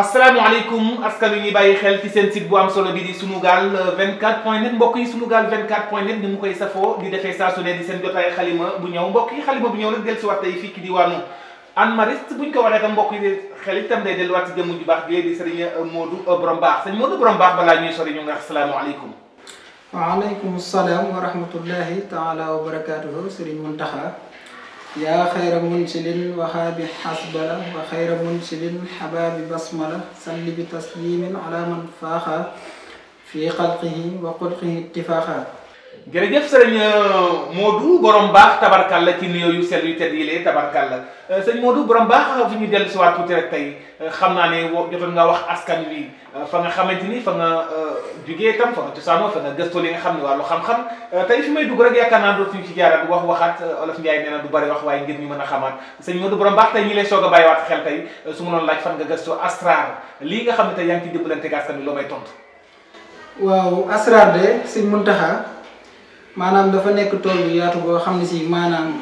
asalaamaaleykum askan wi ñuy bàyyi xel ci seen site bu am solo bi di sunugal 24 euh, point net mbokk yi sunugal 24 point net ni mu koy safoo di defee saa su ne di seen jotaay xalima bu ñëw mbokk yi xalima bu ñëw nag del si waat tey fii ci diwaanu Hann Mariste buñ ko waxee tam mbokk yi xel itam day delluwaat ci jëmm ju baax bi di sëriñ euh, Modou euh, Borom Baax sëñ Modou Borom Baax balaa ñuy sori ñu ngi wax asalaamaaleykum. waaleykum salaam wa rahmatullahi taala wa barakaatuhu sëriñ Muntaxa yaa xayra munsilin waxaabi xasbala wa xayra munsilin xabaabi basmala salli bi taslimin ala man faaxa fi xalqihi wa xulqihi ittifaaxa jërëjëf sëriñ euh, Modou borom baax la ci nuyoo yu sell yu tedd yi lee tabarkalla euh, sëñ Modou borom baax fu ñu dellu si waat te rek tey euh, xam naa ne jotoon nga wax askan wi fa nga xamante ni fa nga jugee itam fa nga cosaanoo fa nga gëstoo xam ne wàllu xam-xam tey fi may dugg rek yaakaar naa dootuñu ci jaaraat wax waxaat olof Ndiaye nee na du bari wax waaye ngir ñu mën a xamaat sëñ Modou borom baax tey ñi lay soog a waat xel tey su ma noonu laaj fan nga gëstoo asrar lii nga xam ne tey yaa ngi ci dimbalante ak askan wi loo may tontu waaw asrar de sëñ Muntaxa maanaam dafa nekk tool yaatu boo xam ne sii maanaam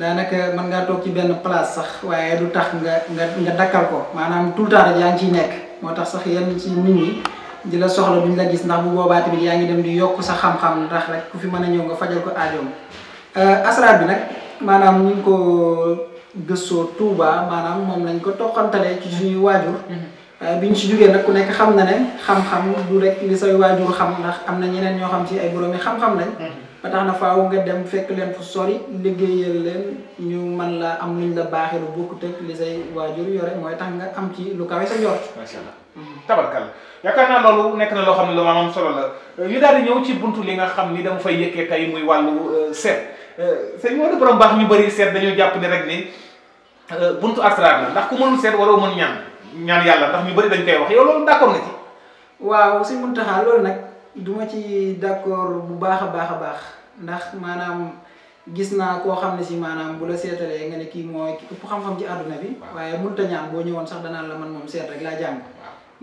daanaka mën ngaa toog ci benn place sax waaye du tax nga nga nga dakkal ko maanaam tout le temps yaa ngi ciy nekk moo tax sax yenn ci nit ñi di la soxla duñ la gis ndax bu boobaa tamit yaa ngi dem di yokk sa xam-xam ndax rek ku fi mën a ñëw nga fajal ko aajoom euh, asraar bi nag maanaam ñu ngi ko gëstoo Touba maanaam moom nañ ko toqantale ci suñuy waajur mm-hmm. euh, bi ñu si jógee nag ku nekk xam na ne xam-xam du rek li say waajur xam ndax am na ñeneen ñoo xam ci ay boroomi xam-xam lañ mm-hmm. ba tax na faaw nga dem fekk leen fu sori liggéeyal leen ñu man la am luñ la baaxee lu te ak li say waajur yore mooy tax nga am ci lu kawe sa njort. macha allah mm. tabarkalla yaakaar naa loolu nekk na loo xam ne lu maam am solo la euh, ñu daal di ñëw ci bunt li nga xam ni dama fay yëkkee tey muy wàllu euh, seet euh, sëñ moo de borom baax ñu bëri seet dañuy jàpp ne rek ni bunt asrar la ndax ku mënul seet waroo mën ñaan ñaan yàlla ndax ñu bëri dañ koy wax yow loolu d'accord nga du ma ci d'accord bu baax a baax a baax ndax maanaam gis naa koo xam ne si maanaam bu la seetalee nga ne kii mooy ki ëpp xam-xam ci àdduna bi. waaye mënut a ñaan boo ñëwoon sax danaan la man moom seet rek laa jàng.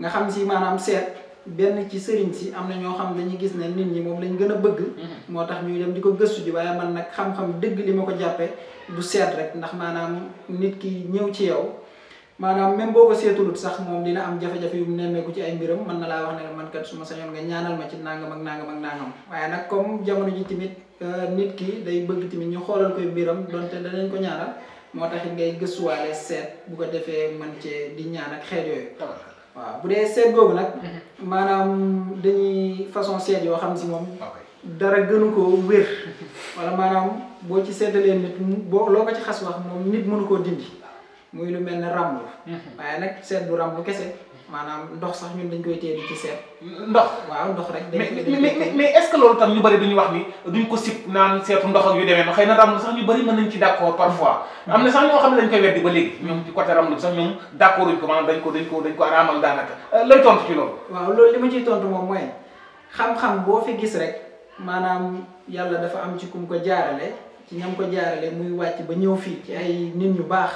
nga xam si maanaam seet benn ci sëriñ si am na ñoo xam dañuy gis ne nit ñi moom lañ gën a bëgg. Mm-hmm. moo tax ñuy dem di ko gëstu bi waaye man nag xam-xam dëgg li ma ko jàppee bu seet rek ndax maanaam nit ki ñëw ci yow. maanaam même boo ko seetulut sax moom dina am jafe-jafe yu mu ku ci ay mbiram mën na laa wax ne man kat suma ma sañoon nga ñaanal ma ci nangam ak nangam ak nangam waaye nag comme jamono ji tamit euh, nit ki day bëgg tamit ñu xoolal koy mbiram donte danañ ko ñaanal moo tax it ngay gëstuwaale seet bu ko defee man cee di ñaan ak xeet yooyu. waaw bu dee seet googu nag. Mhm. maanaam dañuy façon seet yoo xam si moom. dara gënu ko wér. wala maanaam boo ci seetalee nit boo loo moom nit mënu koo dindi. muy lu mel ne rambu. Mhm. waaye nag seet du rambu kese. maanaam ndox sax ñun dañ koy teel di ci seet. ndox waaw ndox rek. dañ mais mais mais est ce que loolu tam ñu bëri duñu wax ni duñ ko sip naan seetu ndox ak xëy na rambu sax ñu bëri mën nañ ci d' accord parfois. Mhm. am na sax xam ne dañ koy weddi ba léegi. ñoom ci côté ko maanaam dañ ko dañ ko dañ ko daanaka. Euh, lay tontu ci loolu. waaw loolu li ma ciy tontu moom mooy xam-xam boo fi gis rek maanaam yàlla dafa am ci kum ko jaarale ci ñam ko jaarale muy wàcc ba ñëw fii ci ay nit ñu baax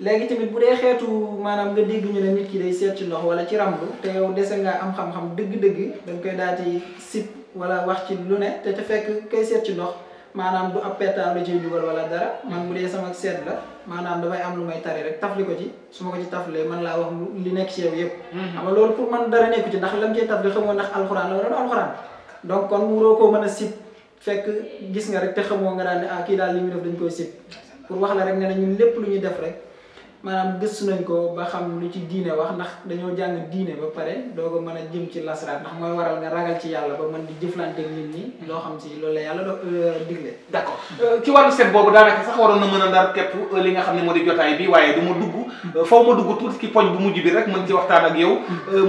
léegi tamit bu dee xeetu maanaam nga dégg ñu ne nit ki day seet ci ndox wala ci rambu te yow dese nga am xam-xam dëgg-dëgg danga koy daal di sip wala wax ci lu ne te fekk koy seet ndox maanaam du ab pettaaw la ciy dugal wala dara man bu dee sama seet la maanaam damay am lu may tari rek tafli ko ci su ma ko man laa wax li nekk ci yow yëpp mm-hmm. xam nga man dara nekku ci ndax lam ciy tafli xamoo ndax alxuraan la wala du alxuraan donc kon wuroo ko mën a sip fekk gis nga rek te xamoo nga daal ne ah kii daal li muy def dañ koy sip pour wax la rek ne na ñun lépp lu ñuy def rek maanaam gëstu nañ ko ba xam lu ci diine wax ndax dañoo jàng diine ba pare doo ko mën a jëm ci lasraat ndax mooy waral nga ragal ci yàlla ba mën di jëflante ak nit ñi loo xam si loolu la yàlla do euh, digle d'accord euh, ci wàllu seet boobu daa sax waroon na mën a ndar képp euh, li nga xam ne moo di jotaay bi waaye du ma dugg faw ma dugg tuuti ci poñ bu mujj bi rek mën ci waxtaan ak yow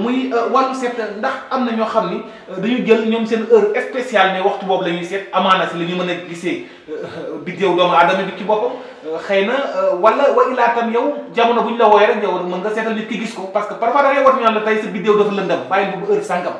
muy wàllu seet ndax am na ñoo xam ni dañu jël ñoom seen heure spéciale ne waxtu boobu la ñuy seet amaana si la ñu mën a gisee Euh, biddeew doomu aadama bi ci boppam euh, xëy na euh, wala wa illaa tam yow jamono bu ñu la wooyee rek yow mën nga seetal nit ki gis ko parce que parfois da ngay wat ñaan la tey sa biddeew dafa lëndam bàyyi bu heure sàngam.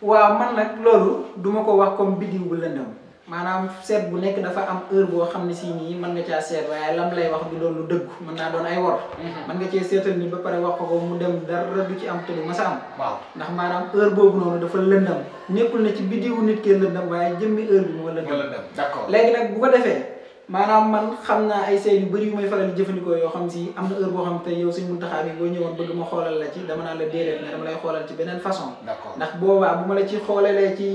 waaw man nag loolu duma ko wax comme biddeew bu lëndam. maanaam seet bu nekk dafa am heure boo xam ne si nii mën nga caa seet waaye lam lay wax du doon lu dëgg mën naa doon ay wor man mhm. nga cee seetal ni ba pare wax ko ko mu dem dara du ci am te ma sa am waaw ndax maanaam heure boobu noonu dafa lëndam nekkul ne ci biddiwu nit kee lëndam waaye jëmmi heure bi moo lëndam d'accord léegi nag bu ko defee maanaam man xam naa ay say yu bëri yu may faral di jëfandikoo yoo xam si am na heure boo xam te yow suñ muntaxaa bi boo ñëwoon bëgg ma xoolal la lay xoolal ci beneen façon ndax boobaa bu ma la ci xoolalee ci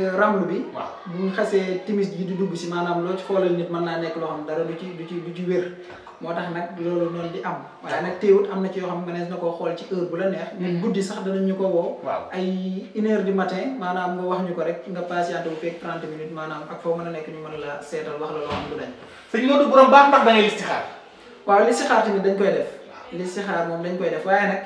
euh, ramb bi bu ñu xasee timis bi di dugg si maanaam loo ci xoolal nit mën naa nekk loo xam dara du ci du ci du ci moo tax nag loolu noonu di am waaye nag téewut am na ci yoo xam nga nees na koo xool ci heure bu la neex ñun mm-hmm. guddi sax danañ ñu ko woo ay une heure du matin maanaam nga wax ñu ko rek nga patienté bu fekk 30 minutes maanaam ak foo mën a nekk ñu mën la seetal wax la loo sëñ Modou borom baax ndax ba ngay listixaar. waaw listixaar tamit dañ koy def. listixaar moom dañ koy def waaye nag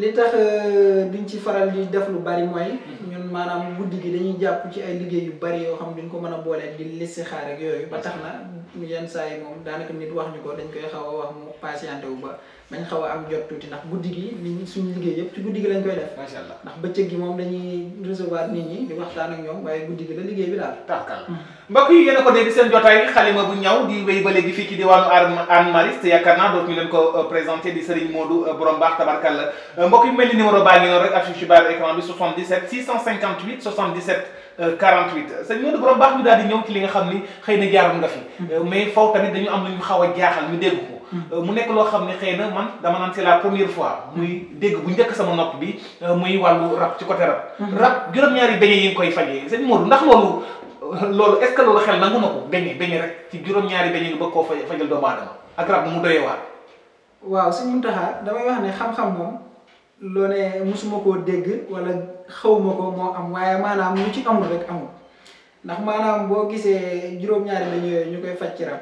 li tax euh, duñ ci faral di def lu bari mooy. ñun maanaam guddi gi dañuy jàpp ci ay liggéey yu bari yoo xam duñ ko mën a boolee di listixaar ak yooyu ba tax na yenn saa yi moom daanaka nit wax ñu ko dañ koy xaw a wax mu patienté wu ba. nañ xaw a am jot tuuti ndax guddi gi liñ suñu liggéey yëpp ci guddi gi lañ koy def macha allah ndax bëccëg gi moom dañuy recevoir nit ñi di waxtaan ak ñoom waaye guddi gi la liggéey bi daal tarkal mm. mbokk yi yéen a ko dégg seen jotaay xalima bu ci diwaanu Hann Maristes yaakaar naa dootuñu leen ko euh, présenté di Serigne Modou euh, borom baax tabarkal la euh, mbokk yi baa ngi noonu rek affiché bar écran bi 77 658 77 48 sëñ daal di ñëw li nga xam ni xëy na jaaroon nga fi mm. mais faw dañu am lu xaw a jaaxal ñu dégg Euh, mu nekk loo xam ne xëy na man dama naan c'est la première fois muy dégg bu njëkk sama nopp bi euh, muy wàllu rab ci côté rab mhm. rab juróom-ñaari beñe yi nga koy fajee sëñ Modou ndax loolu euh, loolu est-ce que loolu xel nangu na ko beñe beñe rek ci juróom-ñaari beñe nga bëgg koo faj fajal doomu aadama ak rab mu doyee waar waaw su sëñ Mountakha damay wax ne xam-xam moom loo ne mosuma koo dégg wala xawma ko moo am waaye maanaam lu ci amul rek amul ndax maanaam boo gisee juróom-ñaari beñe yooyu ñu koy faj ci rab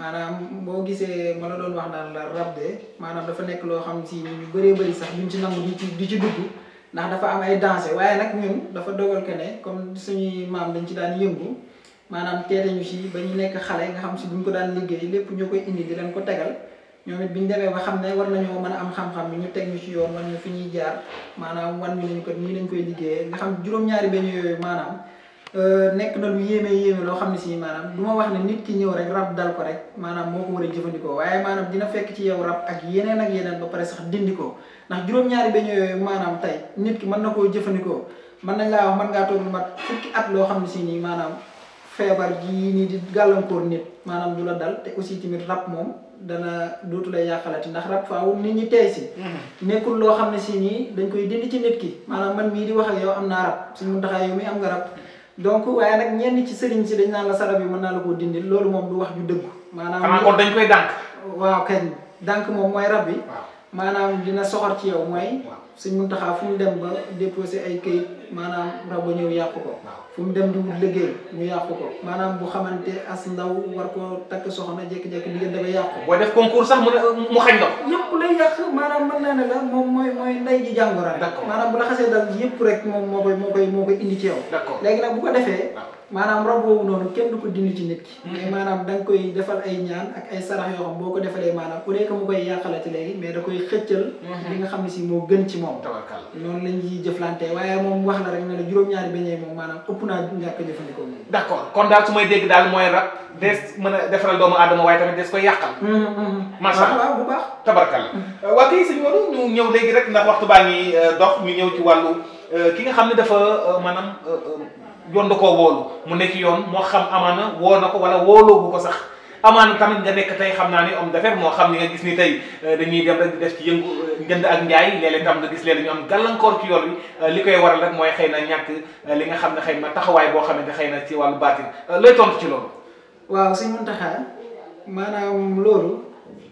maanaam boo gisee ma la doon wax naan la rab de maanaam dafa nekk loo xam si ñu bëree bëri sax ñu ci nangu di ci di ci dugg ndax dafa am ay danger waaye nag ñun dafa dogal que ne comme suñuy maam dañ ci daan yëngu maanaam teete ñu si ba ñu nekk xale nga xam si buñ ko daan liggéey lépp ñoo koy indi di leen ko tegal ñoom it bi ñu demee ba xam ne war nañoo mën a am xam-xam bi ñu teg ñu ci yoon wan ñu fi ñuy jaar maanaam wan ñu lañ ko nii lañ koy liggéeyee nga xam juróom-ñaari beñ maanaam Euh, nekk na lu yéeme yéeme loo xam ne si maanaam du ma wax ne nit ki ñëw rek rab dal ko rek maanaam moo ko war a jëfandikoo waaye maanaam dina fekk ci yow rab ak yeneen ak yeneen ba pare sax dindi ko ndax juróom-ñaari beño yooyu maanaam tey nit ki mën na koo jëfandikoo mën na laa wax mën ngaa toog lu mat fukki at loo xam ne si nii maanaam feebar gi nii di gàllankoor nit maanaam du la dal te aussi tamit rab moom dana dootu lay yàqalati ndax rab faaw nit ñi tey si mhm. nekkul loo xam ne si nii dañ koy dindi ci nit ki maanaam man mii di wax ak yow naa rab suñu ndaxaa yow donc waaye nag ñenn ci sëriñ si dañ naan la salab yi mën naa la koo dindil loolu moom du wax ju dëgg maanaam xanaa dañ koy dànk waaw kañ dànk moom mooy rab bi maanaam dina soxor ci yow mooy suñ mun taxaa fu mu dem ba déposé ay këyit maanaam raw ba ñëw yàqu ko fu mu dem di wut liggéey mu yàqu ko maanaam bu xamante as ndaw war ko takk soxna jékki-jékki liggéey dafay yàqu boo def concours sax mu ne mu xañ la yëpp lay yàq maanaam mën naa ne la moom mooy mooy yëpp rek moom moo koy moo koy moo ko defee maanaam rab boobu noonu kenn du ko dindi ci nit ki mm-hmm. mais maanaam da koy defal ay ñaan ak ay sarax yoo xam boo ko defalee maanaam au lieu que mu koy yàqalati léegi mais da koy xëccal mm-hmm. li nga xam ne si moo gën ci moom noonu lañ yi jëflante waaye moom wax wax na rek ne la juróom-ñaari beñee moom maanaam ëpp naa ñàkk a jëfandikoo moom d' accord kon daal su may dégg daal mooy rab des mën a defaral doomu adama waaye tamit des koy yàqal mm, mm, mm. macha allah waaw bu baax tabarkal euh, waa kay sëñ Modou ñu ñëw léegi rek ndax waxtu baa ngi euh, dox ñu ñëw ci wàllu euh, ki nga xam ne dafa maanaam yoon da koo wóolu mu nekk yoon moo xam amaana woo na ko wala wooloo bu ko sax amaana tamit nga nekk tey xam naa ni homme defee moo xam ni nga gis ni tey euh, dañuy dem rek di def ci yëngu euh, njënd ak njaay léeg-léeg tam nga gis léeg dañu am gàllankoor ci yoon bi euh, li koy waral rek mooy xëy na ñàkk li nga xam ne xëy ma taxawaay boo xamante xëy na ci wàllu baatin lay tontu ci loolu waaw sëñ Muntaxa maanaam loolu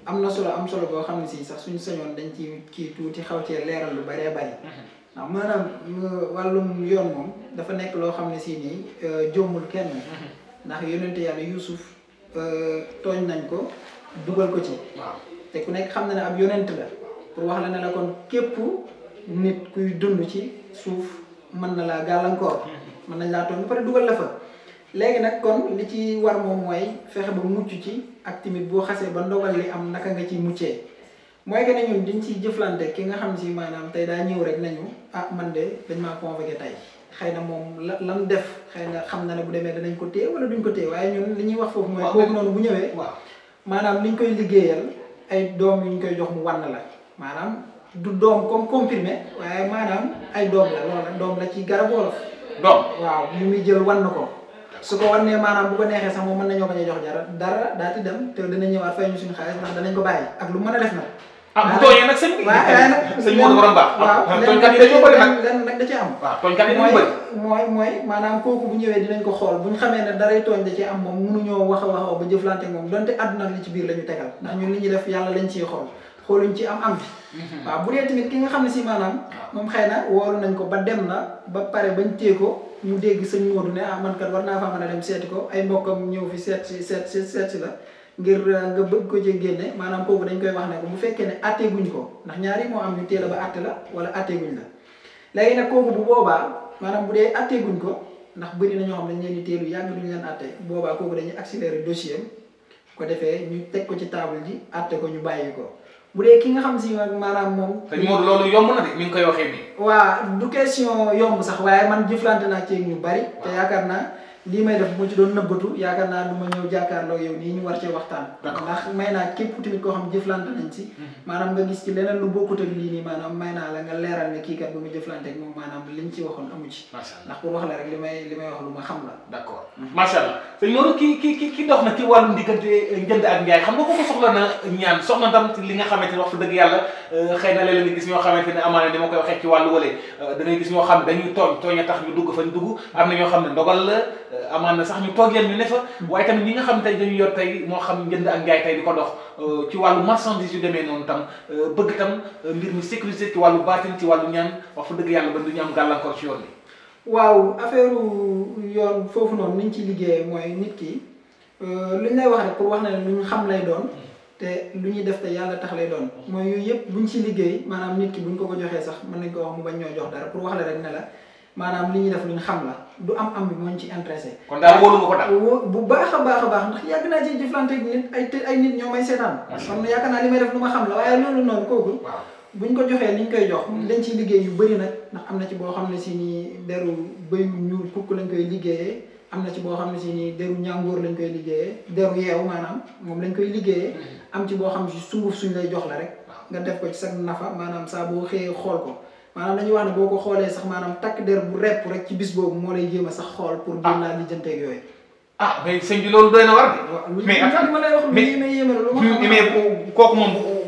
am na solo am solo boo xam ne si sax suñu sañoon dañ ci kii tuuti xaw cee leeral lu bëree bari ndax mhm. maanaam wàllum yoon moom dafa nekk loo xam ne si nii jommul kenn mhm. ndax yonente yàlla Yuusuf tooñ nañ ko dugal ko ci waaw te ku nekk xam na ne ab yonent la pour wax la ne la kon képp nit kuy dund ci suuf mën na laa gàllankoor mm-hmm. mën nañ laa tooñ ba pare dugal la fa léegi nag kon li ci war moom mooy fexe ba mucc ci ak timit boo xasee ba ndogal li am naka nga ciy muccee mooy que ne ñun diñ ciy jëflante ki nga xam si maanaam tey daa ñëw rek nañu ah man de dañ maa convoqué tey xëy na moom la la lan def xëy na xam na ne bu demee danañ ko téye wala duñ ko téye waaye ñun li ñuy wax foofu mooy kooku noonu bu ñëwee waaw maanaam ñu koy liggéeyal ay doom yu ñu koy jox mu wann la maanaam du doom comme comprimé waaye maanaam ay doom la loolu doom la ci garab wolof doom waaw lu muy jël wann ko su ko wannee maanaam bu ko neexee sax moom mën nañoo ko a jox dara daa ti dem te dana ñëwaat fay ñu suñu xaalis ndax danañ ko bàyyi ak lu man a def ah bu tooyee nag sëñ bi. sëñ bi moo war a baax. waaw ah, tooñkat yi ci am. Ah, mooy mooy maanaam kooku bu ñëwee dinañ ko xool bu ñu xamee ne daray tooñ da ci am moom mënuñoo wax a wax ba jëflante ak moom donte àdduna li ci biir lañu ñu tegal ndax ñun li ñuy def yàlla lañ ciy xool xooluñ ci am am bi. Mhm. waaw bu dee tamit ki nga xam ne si maanaam. Ah. moom xay na woolu nañ ko ba dem na ba pare bañ téye ko ñu dégg sëñ Modou ne ah man kat war naa faa mën a dem seeti ko ay mbokkam ñëw fi seet si seet ngir euh, nga bëgg ko ci génne maanaam kooku dañ koy wax ne ko bu fekkee ne àttee guñ ko ndax ñaari moo am ñu teel a ba àtte la wala àttee guñ la léegi nag kooku bu boobaa maanaam bu dee àttee guñ ko ndax bëri na ñoo xam dañ leen di teelu yàgg duñ leen àtte boobaa kooku dañuy accélérer dossier am ko defee ñu teg ko ci table ji àtte ko ñu bàyyi ko bu dee ki nga xam si maanaam moom. te ñu loolu yomb na de mi ngi koy waxee nii. waa du question yomb sax waaye man jëflante naa ci ñu bari. te yaakaar naa lii may def mu ci doon nëbbatu yaakaar naa du ma ñëw jàkkaarloo yow nii ñu war cee waxtaan ndax may naa képp tamit koo xam jëflante nañ si hmm. maanaam nga gis ci leneen lu bokkut ak lii nii maanaam may naa la nga leeral kii kat bu maanaam liñ ci waxoon amu ci ndax pour la rek li may li may wax lu ma xam hmm. na ko ko soxla na ñaan nga xamante ne wax dëgg yàlla euh, xëy na léeg-léeg gis ñoo xamante ne amaana dama koy waxee ci wàllu wale euh, da ngay gis ñoo xam ne dañuy tooñ tooñ a tax ñu dugg fa ñu dugg am na ñoo xam ne ndogal la Euh, amaan na sax ñu toogeel ñu ne fa waaye tamit ñi nga xam tey dañu yor tey moo xam jënd ak jaay tey di ko dox euh, ci wàllu marchandise yu demee noonu tam euh, bëgg tam mbir mi sécurité ci wàllu baatin ci wàllu ñaan wax fa dëgg yàlla ba du ñu am gàllankoor ci yoon bi waaw affaire yoon foofu noonu ni ñu ci liggéeyee mooy nit ki lu ñu lay wax rek pour wax ne lu ñu xam lay doon te lu ñuy def te yàlla tax lay doon mooy yooyu yëpp buñ ci liggéey maanaam nit ki buñ ko ko joxee sax mën nañ ko wax bañ ñoo jox dara pour wax la rek ne la maanaam li ñuy def luñ xam la du am am bi mooñ ci intéressé kon daal wóolu nga ko daal bu baax baax a baax ndax yàgg naa ci jëflante nit ay ay nit ñoo may seetaan kon yaakaar naa li may def lu ma xam la waaye loolu noonu kooku buñ ko joxee liñ koy jox hmm. dañ ciy liggéey yu bëri nag ndax am na ci boo xam ne si ni deru bëy mu ñuul kukk lañ koy liggéeyee am na ci boo xam ne si ni deru ñàngoor lañ koy liggéeyee deru yeewu maanaam moom lañ koy liggéeyee hmm. am ci boo xam si sunguf suñ lay jox la rek nga def ko ci sa nafa maanaam saa boo xëyee xool ko maanaam dañuy wax ne boo ko xoolee sax maanaam takk der bu repp rek ci bis boobu moo lay jéem a sax xool pour jéem ah. laa lijjanteeg yooyu ah mais sëñ bi loolu doy na war de mais ma lay wax lu may yéeme lu mais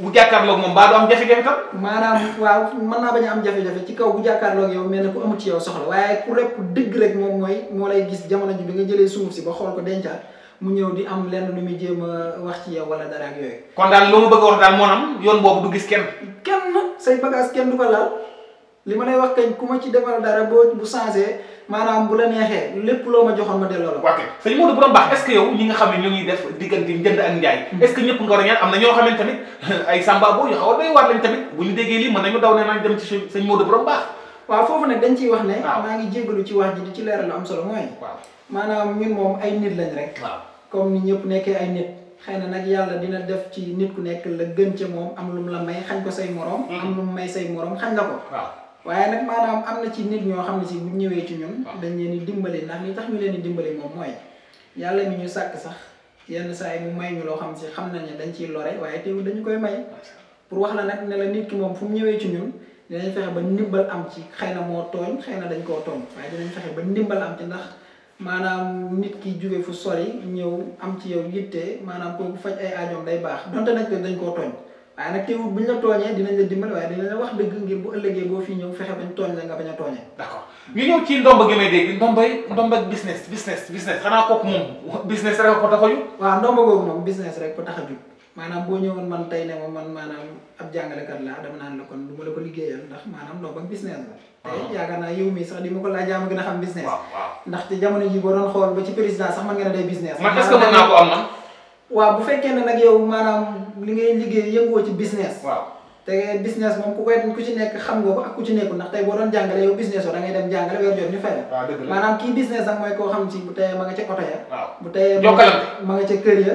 bu jàkkaarloog moom baa du am jafe-jafe tam waaw mën naa bañ am jafe ci kaw bu jàkkaarloog yow mel ne ku amut ci yow soxla waaye ku repp dëgg rek moom mooy moo lay gis jamono ji bi nga jëlee suuf si ba xool ko dencaat mu ñëw di am lenn lu muy jéem a wax ci yow wala dara ak yooyu kon daal loo ma bëgg a wax moonam yoon boobu du gis kenn kenn say bagage kenn du ko laal li ma lay wax kañ ku ma ci defal dara boo bu changé maanaam bu la neexee lépp loo ma joxoon ma delloo la. ok sëñ Modou borom baax est-ce nga xam ne ñu ngi def diggante njënd ak njaay. Hmm. est-ce que ñëpp a ñaan am ne tamit ay sambabo a doy waar lañ tamit bu ñu déggee lii mën nañu daw ne nañ wax ne. waaw maa ngi jégalu ci wax ji di ci leeral lu am solo mooy. waaw rek. waaw comme ni nekkee ay nit. xëy na nag yàlla dina def ci nit ku nekk gën ca am lu may xañ ko say moroom hmm. am lu mu may say moroom xañ la ko waaye nag maanaam am na ci nit ñoo xam ne si bu ñëwee ci ñun. dañ leen di dimbali ndax li tax ñu leen di dimbali moom mooy yàlla mi ñu sàkk sax yenn saa yi mu may ñu loo xam si xam nañ ne dañ ciy lore waaye teewul dañu koy may. pour wax la nag ne la nit ki moom fu mu ñëwee ci ñun dinañ fexe ba ndimbal am ci xëy na moo tooñ xëy na dañ koo tooñ waaye dinañ fexe ba ndimbal am ci ndax maanaam nit ki jóge fu sori ñëw am ci yow yitte maanaam pour faj ay aajoom day baax donte nag dañ koo tooñ waaye nag teewul bu ñu la tooñee dinañ la dimbal waaye dinañ la wax dëgg ngir bu ëllëgee boo fi ñëw fexe bañ tooñ la nga bañ a tooñee. d'accord ko tax a jub. waaw ndomba googu moom business rek ko tax ma man maanaam ab jàngalekat laa ko liggéeyal ndax maanaam ndomba ah. te yaakaar naa yow a xam business. waaw waaw ndaxte boo doon xool ba ci président sax man nga ne day business. man naa ko am man waaw bu fekkee ne nag yow maanaam li ngay liggéey yëngoo ci business. waaw te business moom ku koy ku ci nekk xam nga ko ak ku ci nekkul ndax tey boo doon jàngale yow business yoo ngay dem jàngale weer jot ñu kii business nag mooy koo xam ci bu teyee ma nga ca oto ya. waaw bu teyee ma nga ca kër ya.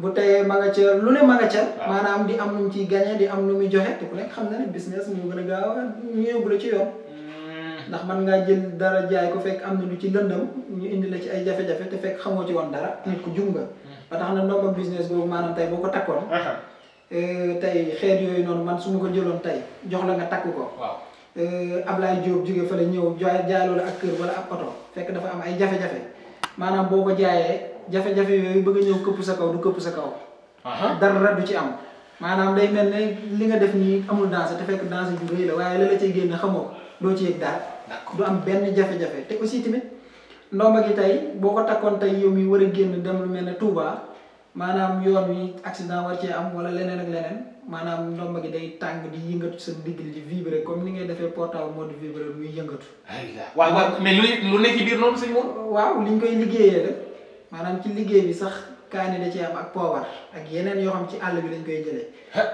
bu teyee man nga ca lu ne man nga ca. maanaam di am lu mu ciy gagné di am lu muy joxe te ku nekk xam na ne business moo gën a gaaw a ñu yóbbu la ci yoon. Mm. ndax man ngaa jël dara jaay ko fekk am na lu ci lëndam ñu indi la ci ay jafe-jafe te fekk xamoo ci woon dara nit ku jum ba tax na ndomba business boobu maanaam tey boo ko takkoon. Eh, tey xeet yooyu noonu man su ko jëloon tey jox la nga takk ko. waaw eh, Ablaye Diop jóge la ñëw jaay jaay loolu ak kër wala ak oto fekk dafa am ay jafe-jafe maanaam boo ko jaayee jafe-jafe yooyu bëgg a ñëw këpp sa kaw du këpp sa kaw. dara du ci am. maanaam day mel ne li nga def nii amul danse te fekk danse ju rëy la waaye la la cay génne xamoo doo ci yëg daal. du am benn jafe-jafe te aussi tamit. ndomba gi tey boo ko takkoon tey yow mi war a génn dem lu mel ne tuuba maanaam yoon wi accident war cee am wala leneen ak leneen maanaam ndomba gi day tàng di yëngatu sa ndigil di vibrer comme ni ngay defee portable moo di vibrer muy yëngatu. waaw waaw mais nekk ci biir noonu sëñ li ñu koy liggéeyee maanaam ci liggéey sax kaani da cee am ak poobar ak yeneen yoo ci àll bi lañ koy jëlee.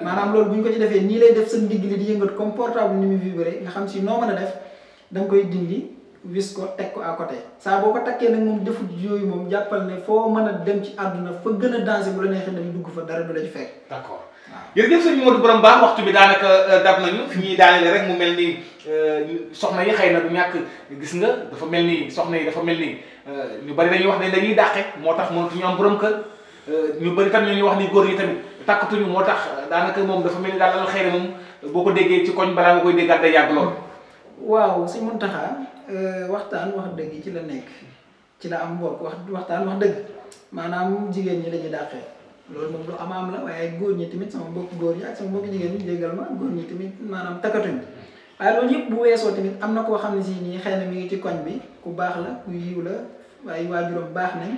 maanaam loolu ñu ko ci defee nii lay def sa ndigil di yëngatu comme portable ni muy vibrer nga xam si noo mën a def da koy dindi. wis ko teg ko à côté saa boo ko takkee nag moom defut yooyu moom jàppal ne foo mën dem ci àdduna fa gën a dansé bu la neexee dem fa dara du la ci fekk. d' accord jërëjëf sëñ Modou Borom Baax bi daanaka euh, dab nañu fi ñuy daanele rek mu mel ni euh, soxna yi xëy na du ñàkk gis nga dafa mel ni soxna yi dafa mel ni euh, ñu bari dañuy wax ne dañuy dàqe moo tax mënatuñu am borom kër ñu bari tam ñu wax ni góor yi tamit takkatuñu moo tax daanaka moom dafa mel ni daal xëy moom boo ko déggee ci koñ balaa nga koy déggaat day yàgg lool waaw si sëñ Muntaxa euh, waxtaan wax dëgg yi ci la nekk ci la am mbokk wax waxtaan wax dëgg maanaam jigéen ñi lañuy dàqee loolu moom lu am am la waaye góor ñi tamit sama mbokk góor ñi ak sama mbokk jigéen ñi jéggal ma góor ñi tamit maanaam takkatuñ waaye loolu yëpp bu weesoo tamit am na koo xam ne si nii xëy na mi ngi ci koñ bi ku baax la ku yiw la waaye waajuram baax nañ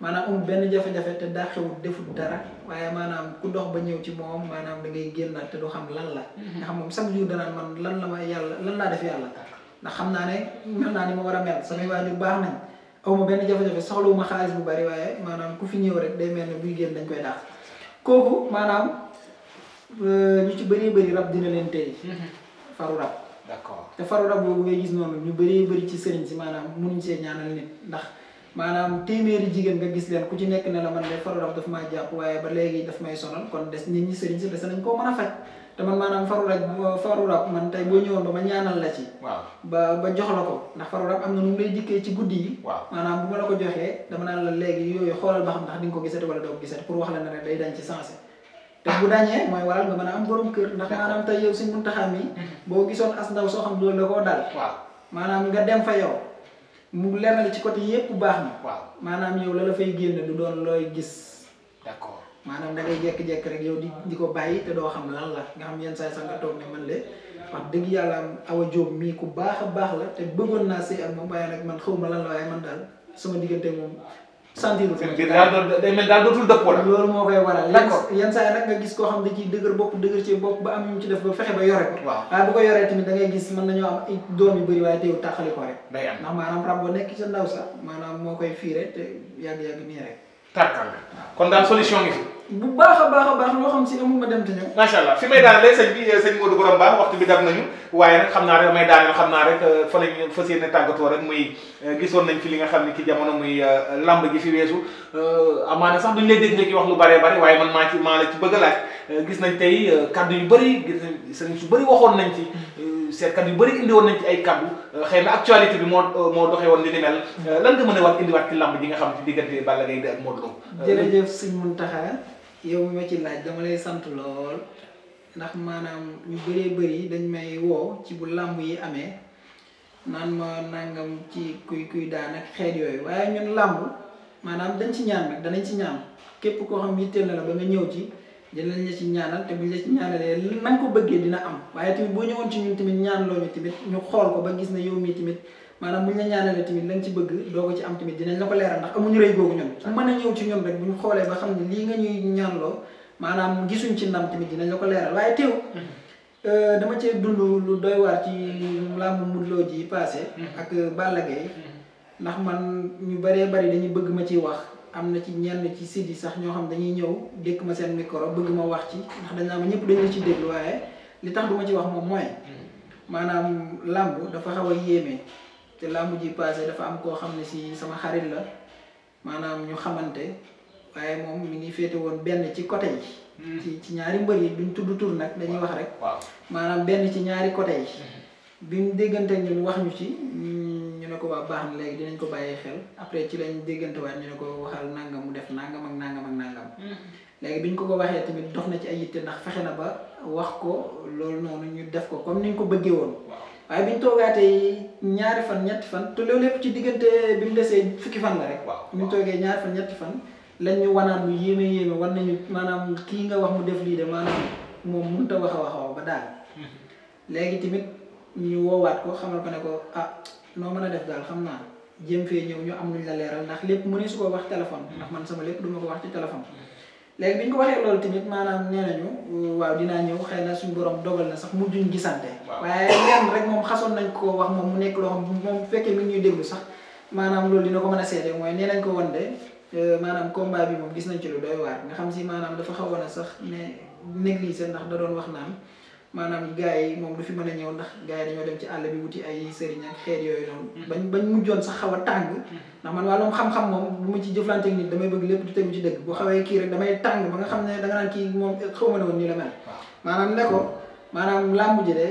maanaam amul benn jafe-jafe te daa xewul deful dara waaye maanaam ku dox ba ñëw ci moom maanaam da ngay génnaat te du xam lan la. Mhm. nga xam moom chaque jour danaan man lan la ma yàlla lan laa def yàlla ndax xam naa ne mel mhm. naa ni ma war a mel samay waajur baax nañ aw ma benn jafe-jafe soxlawuma xaalis bu bari waaye maanaam ku fi ñëw rek day mel ne buy génn dañ koy dàq kooku maanaam euh, ñu ci bëri bëri rab dina leen tey. Mhm. faru rab. te faru rab boobu ngay gis noonu ñu bëree bëri ci sëriñ si maanaam mënuñ see ndax. maanaam téeméeri jigéen nga gis leen ku ci nekk ne la man de faru daf maa jàpp waaye ba léegi daf may sonal kon des nit ñi sëriñ si des nañ koo mën a faj te man maanaam faru man tey boo ñëwoon ba ma ñaanal la ci. waaw ba ba jox la ndax faru rab am na nu mu lay dikkee ci guddi yi. waaw maanaam bu ma la ko joxee dama naan la léegi xoolal ba xam ndax di nga ko gisati wala doo ko pour wax la ne day dañ ci sensé. te bu mooy waral nga mën a am borom kër ndax maanaam tey yow si muntaxam mhm. yi. boo gisoon as ndaw soo xam loolu la koo dal. waaw maanaam nga dem fa yow mu la ci côté yépp baax na. waaw maanaam yow la la fay génn du doon looy gis. d'accord maanaam da ngay jékki-jékki rek yow di di ko bàyyi te doo xam lan la nga xam yenn saa yi sax nga toog ne man de wax dëgg yàlla Awa Diop mii ku baax a baax la te bëggoon naa sëy ak moom waaye nag man xaw ma lan la waaye man daal sama diggante moom sentir ko daal doo day mel daal dootul dëppoo la loolu moo koy waral d'accord yenn saa yi nag nga gis koo xam da ciy dëgër bopp dëgër ci bopp ba am ñu ci def ba fexe ba yore ko waaw waaye bu ko yoree tamit da ngay gis mën nañoo am ay doom yu bëri waaye teew tàqali ko rek day am ndax maanaam rab boo nekk sa ndaw sax maanaam moo koy fiire te yàgg-yàgg nii rek tàkkal kon daal solution ngi fi bu baax a baax a baax loo xam si amul ma dem te ñëw. macha allah fi may daanee sëñ bi sëñ Modou Borom Ba waxtu bi dab nañu waaye nag xam naa rek may daaneel naa rek euh, fa lañ fas yéene euh, gisoon nañ fi li nga xam ne ci jamono muy euh, lamb ji fi weesu amaana sax duñ lay dégg nga ci wax lu bëree bëri waaye man maa ci bëgg a laaj gis tey kaddu yu bëri gis nañ sëñ su bëri waxoon nañ ci. seetkat yu bëri indi woon nañ ci ay kaddu xëy na actualité bi moo moo doxee woon ni ni lan a wax indiwaat ci lamb ji nga xam ci diggante Balla Gaye ak Modou Lo yow mi ma ci laaj dama lay sant lool ndax maanaam ñu bëree bëri dañ may woo ci bu làmb yi amee naan ma nangam ci kuy kuy daan ak xeet yooyu waaye ñun làmb maanaam dañ ci ñaan nag danañ ci ñaan képp koo xam yitteel na la ba nga ñëw ci dinañ la ci ñaanal te buñ la ci ñaanalee na ko bëggee dina am waaye tamit boo ñëwoon ci ñun tamit ñaan loo ñu tamit ñu xool ko ba gis na yow mii tamit maanaam bu ñu la ñaanalee tamit lañ ci bëgg doo ko ci am tamit dinañ la ko leeral ndax amuñu rëy googu ñun ku mën a ñëw ci ñun rek bu ñu xoolee ba xam ne lii nga ñuy ñaanloo maanaam gisuñ ci ndam tamit dinañ ko leeral waaye teew mm-hmm. euh, dama cee dund lu doy ci làmb Modou ji passé mm-hmm. ak euh, Balla mm-hmm. ndax man ñu bëree bëri dañuy bëgg ma ciy wax am na ci ñenn ci site sax ñoo xam dañuy ñëw dékk ma seen micro bëgg ma wax ci ndax dañ am ma ñëpp dañu ci déglu waaye li tax du ma ci wax moom mooy maanaam làmb dafa xaw a yéeme te laa mujj passé dafa am koo xam ne si sama xarit la maanaam ñu xamante waaye moom mi ngi féete woon benn ci côté yi. Hmm. ci ci ñaari mbër yi duñ tudd tur nag dañuy wax rek. maanaam benn ci ñaari côté yi. Hmm. bi mu déggante ñun wax ñu ci ñu ne ko waa baax na léegi dinañ ko bàyyee xel après ci lañ déggante waat ñu ne ko waxal nangam mu def nangam ak nangam ak nangam. Hmm. léegi bi ñu ko ko waxee tamit dox na ci ay yitte ndax fexe na ba wax ko loolu noonu ñu def ko comme ni ñu ko bëggee woon. waaye bi ñu toogaatee ñaari fan ñetti fan te loolu lépp ci diggante bi mu desee fukki fan la rek. waaw bi ñu toogee ñaari fan ñetti fan lañu ñu mu lu yéeme yéeme war nañu maanaam kii nga wax mu def lii de moom mënut a wax a wax a wax ba daal. Hmm. léegi tamit ñu woowaat ko xamal ko ne ko ah noo mën a def daal xam naa jëm fee ñëw ñu am luñ la leeral ndax lépp mu ne su ko wax téléphone. ndax man sama lépp du ko wax ci téléphone. Hmm. léegi bi ñu ko waxee loolu tamit maanaam nee nañu waaw dinaa ñëw xëy na suñu borom dogal na sax mujjuñ gisante. waaye lenn rek moom xasoon nañ ko wax moom mu nekk loo xam moom bu fekkee mi ngi ñuy déglu sax maanaam loolu dina ko mën a seede mooy nee nañ ko woon de euh, maanaam combat bi moom gis nañ ci lu doy waar nga xam si maanaam dafa xawoon a sax ne négligé ndax da doon wax naan maanaam gars yi moom du fi mën a ñëw ndax gars yi dañoo dem ci àll bi wuti ay sëriñ ak xeet yooyu noonu. Mm-hmm. bañ bañ mujjoon sax xaw a tàng. Mm-hmm. ndax man wàllum xam-xam moom bu ci jëflanteeg nit damay bëgg lépp du tegu ci dëgg bu xawee kii rek damay tàng ba nga xam ne da nga naan kii moom xaw ma ne woon ne ko maanaam làmb ji de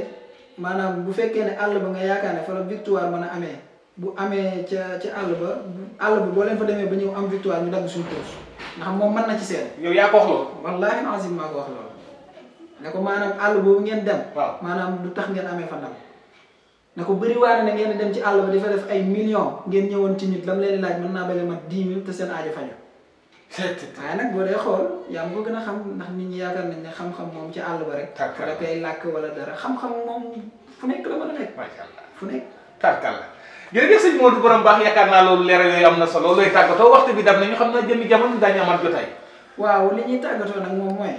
maanaam bu fekkee ne àll ba nga yaakaar ne fa la victoire mën a amee bu amee ca ca àll ba àll bi boo leen fa demee ba ñëw am victoire ñu dagg suñu toos ndax moom mën na ci seen. yow yaa ko wax loolu. wallaahi azim maa ko wax loolu ne ko maanaam àll boobu ngeen dem. waaw maanaam lu tax ngeen amee fa ndam. ne ko bëriwaane na ngeen dem ci àll ba dafa def ay millions ngeen ñëwoon ci nit lam leen laaj mën naa bëri mat dix mille te seen aajo fañu. waaye xool yaa ngi ko gën a xam ndax ñi yaakaar nañ ne xam-xam moom ci àll ba rek. tarkal la koy làkk wala dara xam-xam moom fu nekk fu nekk. tarkal la jërëjëf sëñ Modou borom baax am na solo looy tàggatoo waxtu bi dab na ñu xam na jëmmi jamono daañu amaat jotaay. waaw li ñuy tàggatoo nag moom mooy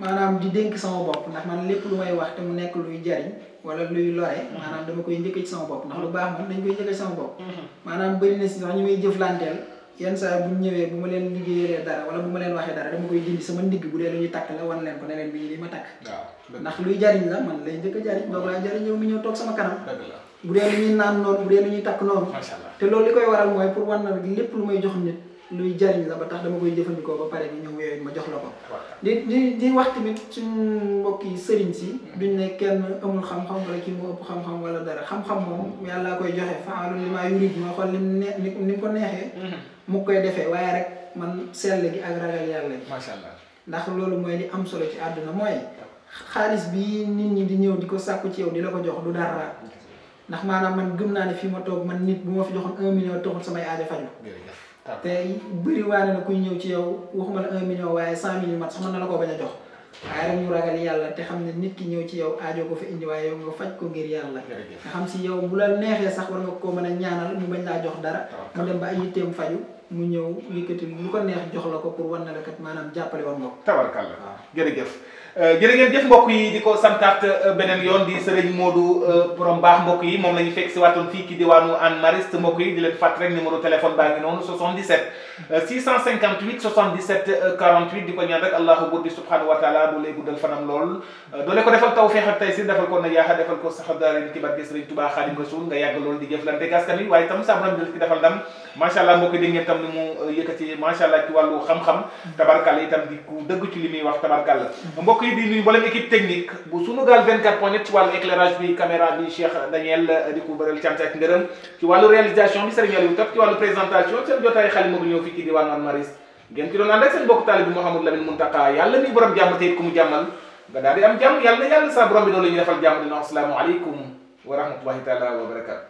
maanaam di dénk sama bopp ndax man lépp lu may wax te mu nekk luy jariñ wala luy lore mhm. maanaam dama koy njëkk ci sama bopp ndax lu baax man dañ koy njëkk ci sama bopp mhm. maanaam bëri na si sax ñu may jëflanteel yenn saa bu ñëwee bu ma leen liggéeyee dara wala bu ma leen waxee dara dama koy dindi sama ndigg bu dee lu ñuy takk la wan leen ko ne leen bi li ma takk ndax luy jariñ la man lay njëkk a jariñ doog laa jariñ yow mi ñëw toog sama kanam bu dee lu ñuy naan noonu bu dee lu ñuy takk noonu te loolu li koy waral mooy pour wan na lépp lu may jox nit luy jariñ la ba tax dama koy jëfandikoo ba pare bi ñoom yooyu ma jox la ko di di di wax tamit suñu mbokki sëriñ si mm-hmm. duñ ne kenn amul xam-xam wala kii mu ëpp xam-xam wala dara xam-xam moom yàllaa koy joxe faalu li maa yurid ma xool nim ne ko neexee mm-hmm. mu koy defee waaye rek man sell gi ak ragal yàlla ndax loolu mooy li am solo ci àdduna mooy xaalis bi nit ñi di ñëw di ko sàkku ci yow di la ko jox du dara ndax maanaam man gëm naa ne fii ma toog man nit bu ma fi joxoon un samay aajo te bëri waane na kuy ñëw ci yow waxuma la un waaye cent mille mat sax man na la koo bañ a jox waaye rek ñu ragal yàlla te xam ne nit ki ñëw ci yow aajoo ko fi indi waaye yow nga faj ko ngir yàlla nga xam si yow bu la neexee sax war nga koo mën a ñaanal mu bañ laa jox dara mu dem ba ay yitteem faju mu ñëw yëkkati lu ko neex jox la ko pour wan na la kat maanaam jàppale woon nga ko tabarkàlla jërëjëf Euh, jërë ngeen jëf mbokk yi di ko santaat euh, beneen yoon di sëriñ Modou euh, borom baax mbokk yi moom la ñu fekk si waatoon fii ki diwaanu Hann Mariste mbokk yi di leen fàtt rek numéro téléphone baa ngi noonu 77 658 77 48 wa taala defal ko na yaaxa defal nga yàgg lool di jëflante gaskan yi waaye itam sa defal ndam macha allah mbokk yi ngeen tam ni mu yëkkati macha allah ci wàllu xam-xam tabarkal itam di ku dëgg ci muy wax tabarkal mbokk yi ngi di nuyu mboolem technique bu Sunugal 24 point ci wàllu éclairage bi caméra bi Cheikh Daniel eh, di ko bëral cant ak ngërëm ci wàllu réalisation bi Serigne Aliou Top ci wàllu présentation seen jotaay xalima bu ñëw fii ci diwaan Hann Maristes ngeen ci doon ànd ak seen bokk taalibe bi Mouhamadou Lamine Muntaka yàlla ni borom jàmm tey ku mu jàmmal nga daal am jàmm yàlla na yàlla sa borom bi noonu la ñuy defal jàmm dina assalaamu aleykum wa rahmatullahi taala